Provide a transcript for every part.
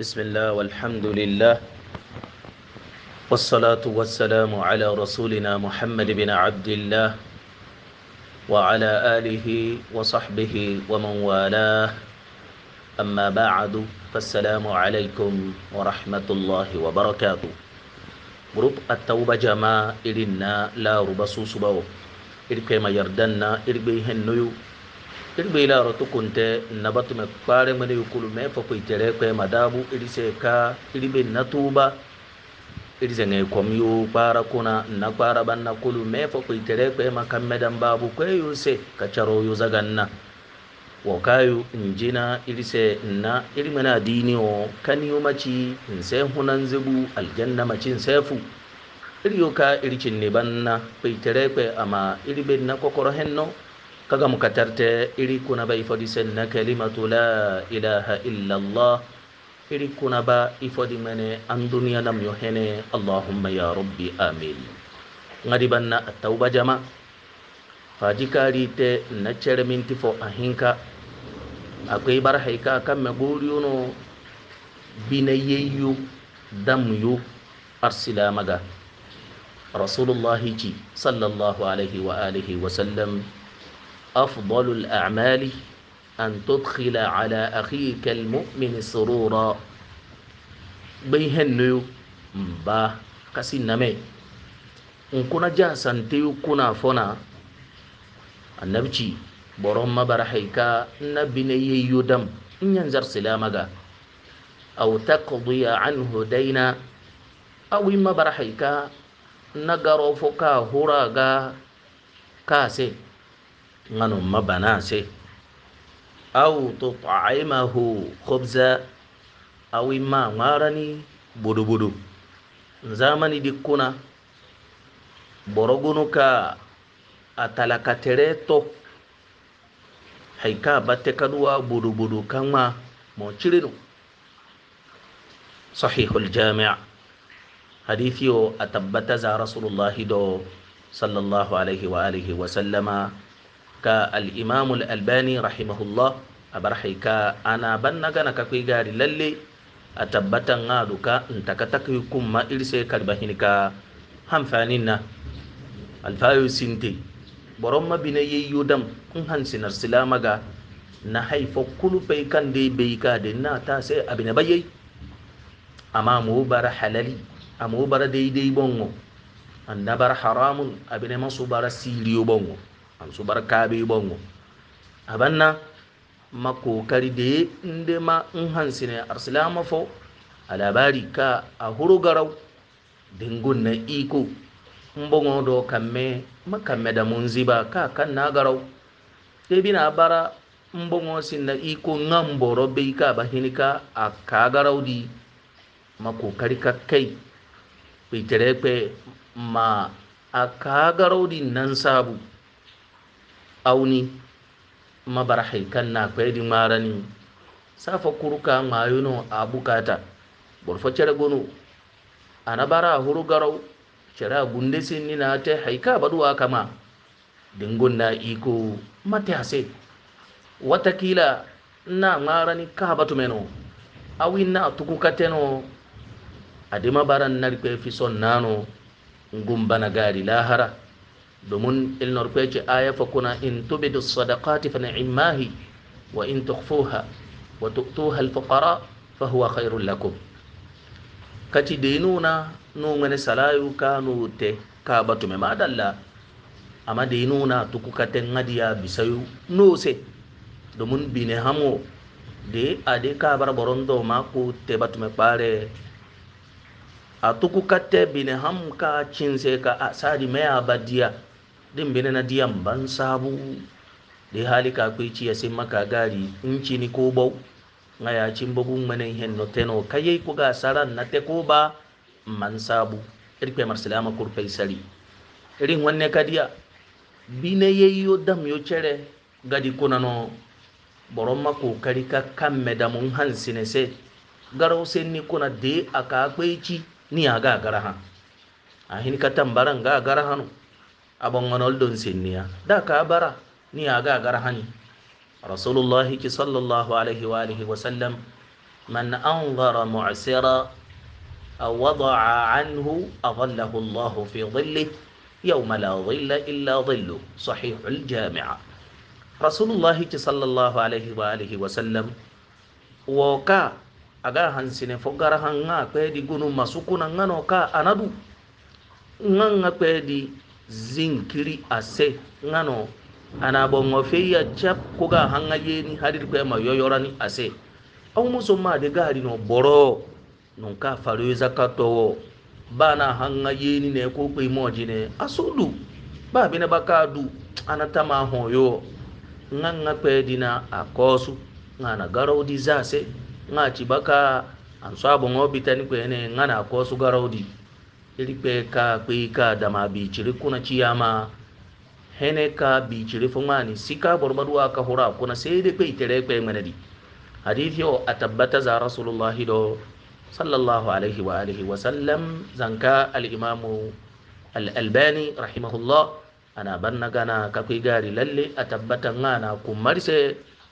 بسم الله والحمد لله والصلاة والسلام على رسولنا محمد بن عبد الله وعلى آله وصحبه ومن والاه أما بعد فالسلام عليكم ورحمة الله وبركاته برب التوبة جماعة إلنا لا ربصو سبو إلكما يردنا إلكما هنو kirɓe ila rotu kunte nabatume kpare mene yukulu me foko i tere kue madabu irise ka kirɓe natuba irisenge kom yu kpara kuna na kpara banna kulu me foko i tere kue ma kammedan babu kue yu se ka caro yu zaganna wokayu njina irise na iri mene adini o kaniyu maci nse hunanzebu aljanna maci nsefu iri yu ka iri cinni banna kue i tere kue ama iri be na kokoro henno kaga mu katarte iri kuna ba ifodi senna kalimatu la ilaha illa allah iri kuna ba ifodi mene an duniya nam yo allahumma ya rabbi amin ngadi banna at-tauba jama faji karite na cere fo ahinka akwai bar haika kan me goriyo no binayayyu damyu arsilamaga rasulullahi ci sallallahu alaihi wa alihi wa sallam أفضل الأعمال أن تدخل على أخيك المؤمن سرورا بيهنو مبا كسينامي nkuna jasanteyu kuna fona annabci boron mabarahay ka nabine yeyyo dam in yanzar silamaga aw taqdiya anhu dayna aw in mabarahay ka na garofo ka huraga ngano mabanase aw tut'imahu khubza aw imma marani budu budu zamani dikuna borogunuka atalakatere to haika batte kaduwa budu budu kanma mo cirinu sahihul jami' hadithi o a tabbata za rasulullahi do sallallahu alaihi wa alihi wa sallama ka al'imamu al'albani rahimahullah a barhai ka ana ban na gana ka kai gari lalle a tabbatan na duka in taka takai kuma irse karbahin ka hamfanin na alfayo sinte boron mabina yi yudam in hansinar silama ga na haifa kulufai kan dai bai ka da na ta sai abin bayyai amma mu bar halali amma mu bar daidai bongo annabar haramun abin masu bar siriyo bongo an su bar kaɓe bongo abanna ma kokari da inda ma in hansu ne arsila a labari ka a huru garau dingun na iko in bongo do kamme makamme da mun ziba ka kan na garau ebi na bara in bongo sin na iko nan boro bai ka ba hinika a ka garau di ma kokari ka kai bai tare ma a ka garau di nan sabu awni mabarahi kanna kwedi marani safa kuruka mayuno abukata bor fo cere gonu anabara huru garau cere a bundesinni nate haika badu akama dingunna iko mate ase watakila na marani kabatumeno awinna tukukateno adimabaran narikwe fison nano ngumbana gari lahara domin ilnar kwece aya fa kuna in tubidu sadaqati fa ni'mahi wa in tukhfuha wa tu'tuha al-fuqara fa huwa khairul lakum kati dinuna no ngane salayu kanu te ka batume madalla amma dinuna tukukate ngadiya bisayu no se domin bine hamo de ade ka bara borondo ma ku te batume pare a tukukate bine ham ka cinse ka asadi me abadiya din bene na diyan ban sabu de hali ka kwe ci sai maka gari ci ni ko bau na ya cin bugun manin hen no teno kayi ku ga saran na te ko ba man sabu irkwe marsalama kurfai sari irin wanne kadiya bine yayyo dam yo cere gadi kunano boron ma kari ka kamme da mun sine se garo sen ni kuna de aka ci ni aga gara ha ahin ka tambaran ga gara abongonol don sinniya da ka bara ni aga gara hani rasulullahi ki sallallahu alaihi wa alihi wa sallam man anzara mu'sira aw wada'a anhu adallahu Allah fi dhilli يوم لا ظل إلا ظله صحيح الجامعة رسول الله صلى الله عليه وآله وسلم وكا aga hansine fogara hanga kwedi gunu masukuna ngano ka anadu nganga kwedi zinkiri ase ngano ana bongo feya chap koga hanga yeni hadir ko ma yoyorani ase aw muso ma de gari no boro non ka faru zakato bana hanga yeni ne ko ko moji ne asudu ba bine baka du ana tama hoyo nganga pedina akosu ngana garodi zase ngachi baka answa bongo bitani ko ene ngana akosu garodi ilikpe ka dama biciri kuna ciyama hene ka biciri sika borbaduwa ka kuna sede kpe itere kpe ŋmenedi hadithi o za rasulullahi do sallallahu alaihi wa alihi wa sallam zanka alimamu al-albani rahimahullah ana banna gana ka gari lalle a tabbata ŋana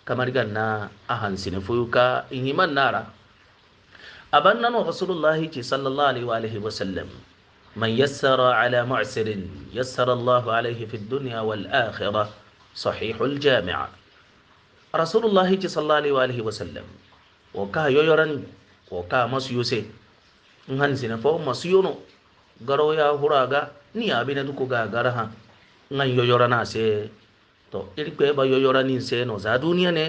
kamar ganna a hansine foyuka nara a rasulullahi ce sallallahu alaihi wa alihi wa sallam من يسر على معسر يسر الله عليه في الدنيا والآخرة صحيح الجامعة رسول الله صلى الله عليه وسلم وكا يويران وكا مسيوسي نحن سنفو مسيونو غرو يا هراغا نيا بنا دوكو غا غرها نحن يويرانا سي تو إلقوا با يويران إنسانو زا دونيا ني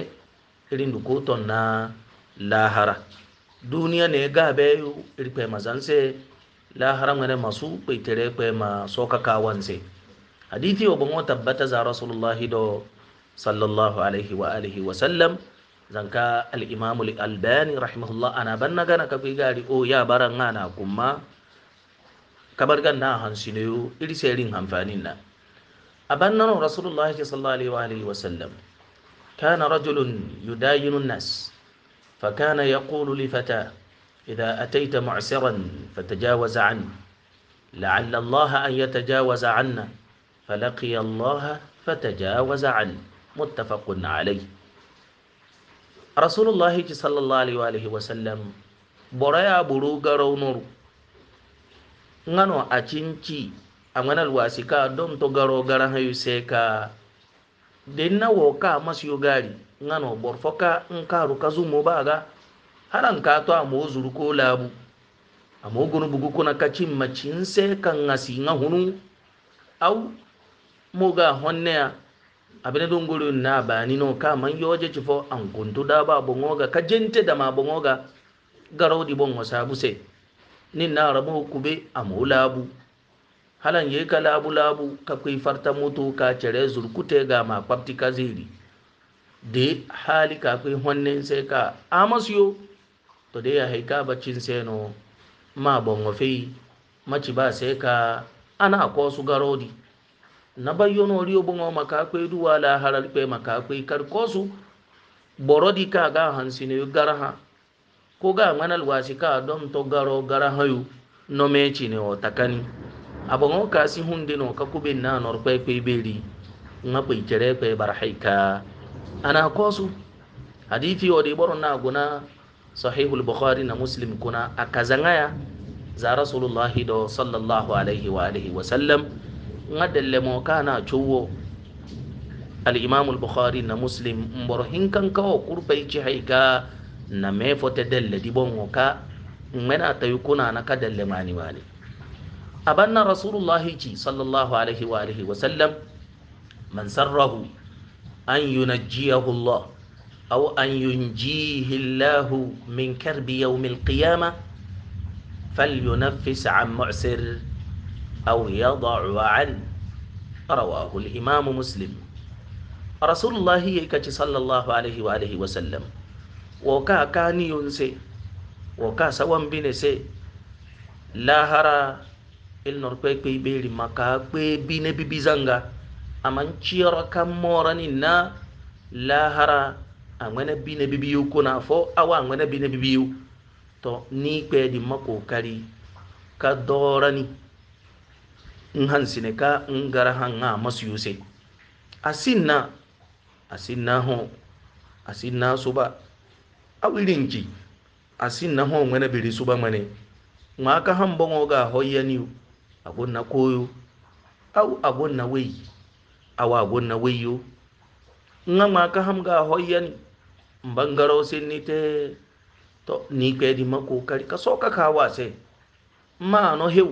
إلين دوكو تونا لاهرا دونيا ني غابيو إلقوا مزان سي laharan wane masu kwaitere kwa ma sokaka wanse hadithi wa bangon tabbata za rasulullahi da sallallahu alaihi wa alihi wa sallam zanka al'imamu al'albani rahimahullah ana ban na gana kafin gari o ya bara nga na kuma kamar ganda a hansu ne iri sayarin hamfanin na a ban na rasulullahi sallallahu alaihi wa alihi wa sallam kana rajulun yudayinun nas fa kana yaqulu li fata إذا أتيت معسرا فتجاوز عنه لعل الله أن يتجاوز عنا فلقي الله فتجاوز عنه متفق عليه رسول الله صلى الله عليه وآله وسلم برأي بروغ رونور ngano a cinci a ŋanal wasi ka don to garo garan hayu se ka den na wo haran ka to a mozuru ko labu a mogunu bugu kuna kacin macin sai kan asi na hunu au moga honne a abin don guri na ba ni no ka man yi waje cifo an guntu da ba bun oga ka jinte da ma bun oga garau di bun wasa buse ni na rabu kube a mo labu halan yi ka labu labu ka kai farta mutu ka cire zurkute ga ma kwafti ka ziri de hali ka kai honne sai ka amas yo to de yahay kabaccinseeno ma ɓongo fey maciba seka ana koosu garodi nabayyonori o ɓongo maka kwe du wala haral kwe maka kwe kar koosu ɓorodi ka ga hansineyu garaha ko ga ŋanal wasi ka don to garo garahayu nomecine o takani a ɓongo kasi hundino ka kuɓen nanor kwe kwe ɓeri ŋa kwe cere kwe barhay ka ana koosu hadifi o de ɓoro naguna sahihul bukhari na muslim kuna akazangaya za rasulullahi do sallallahu alaihi wa alihi wa sallam ngadalle mo kana chuwo al-imam al-bukhari na muslim mbor hinkan kawo kurbai ci haika na me fote dalle di bongo ka ngena tayu kuna na ka dalle mani mani abanna rasulullahi ci sallallahu alaihi wa alihi wa sallam man sarrahu an yunajjiyahu Allah أو أن ينجيه الله من كرب يوم القيامة فلينفس عن معسر أو يضع عن رواه الإمام مسلم رسول الله يكتش صلى الله عليه وآله وسلم وكا كاني ينسي وكا سوى بنسي لا هرى النرقيق بيبير مكا بيبين بيبزنغا أمن شيرا كمورا لا هرى anwene bi na bibi yiw ko na fo awa anwene bi na bibi to n'ikpe di ma kokari ka dorani in hansine ka ngara ha nha masu yuse asin na asin na ho asin na so ba awirinki nke na hụ ngwene biri so ba mane nwa aka han bongo ga hoya niu agon na koyo au agon na weyi awa agon na weyo nwa ma aka ham ga hoya niu bangaro sinnite to ni kedi ma kokari ka soka kawa se ma no hew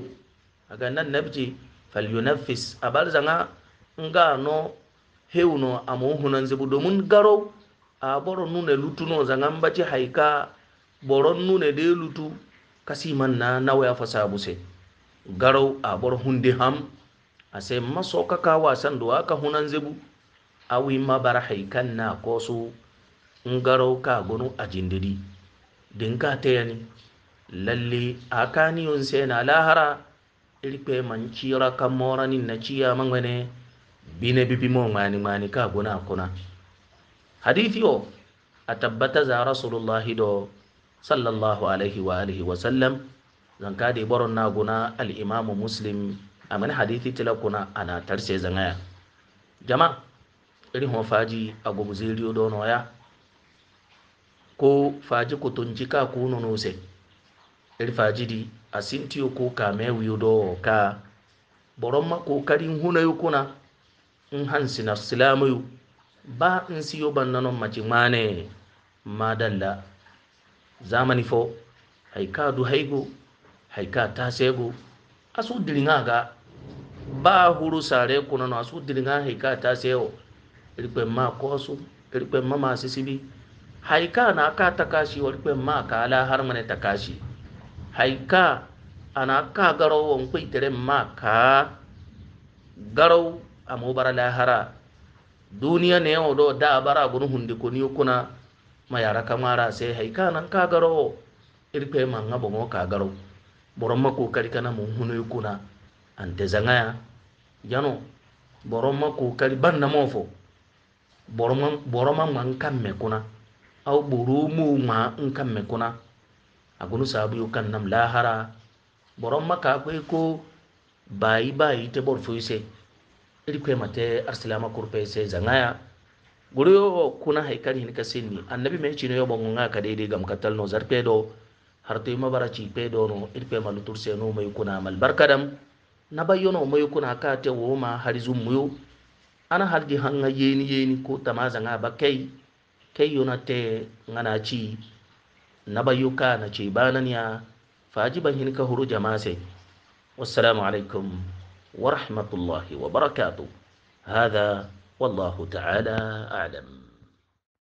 aga nan nabji fal yunaffis abar zanga nga no hew no amon hunan zibu domun garo a boro nune lutu no zanga mbati haika boro nune de lutu kasi man na nawaya fasabu se garo a boro hunde ham ase ma soka kawa san do aka hunan zibu awi ma bar haikan na koso ngaro ka gonu a jindiri din ka yani lalle ni yun sai na lahara irpe man cira kan moranin na ciya mangane bine bibi mo mani mani ka gona kuna hadithi o a tabbata za rasulullahi do sallallahu alaihi wa alihi wa sallam ka da baron na guna al-imamu muslim a mani hadithi tilakuna ana tarse zanaya jama irin hofaji a gubu ziriyo dono ya ko faji ko ton jika ko nono se eri faji di asinti ko ka me wiudo ka boron ma ko karin huna yu kuna in hansi na silamu yu ba in si yo ban nanon maci mane madalla zamani fo haika du haigo haika ta sego asu dilinga ga ba huru sare kuna no asu dilinga haika ta sewo ripe ma ko su ripe ma ma sisibi haika ana ka takashi wani kwen ma ka ala har mana takashi haika ana ka garau wani kwen tere ma ka garau a mubara lahara duniya ne yau do da bara gunu hundi ko ni kuna ma yara kamara sai haika nan ka garau irpe ma ngabo mo ka garau boron mako kari kana mun hunu kuna ante zangaya yano boron mako kari banna mo fo boron boron man kan me kuna aw ɓoro mo ma n kan me kuna agunu sababu yo kan nam lahara boron maka akwai ko bayi bayi te bor fuse iri kwe mate arsilama kurpe se zangaya guri yo kuna haikari hini kasini annabi mai chino yo bongo nga ka dede gam katal no zar pedo har to yuma bara chi pedo no iri kwe malutur se no mayu kuna mal barkadam na bayo no mayu kuna ka te woma harizu muyo ana halgi hanga yeni yeni ko tamaza nga bakai kei yonate ngana ci nabayuka na ci bananiya fajiban hin ka huru jamase wassalamu alaikum ورحمه الله وبركاته هذا والله تعالى اعلم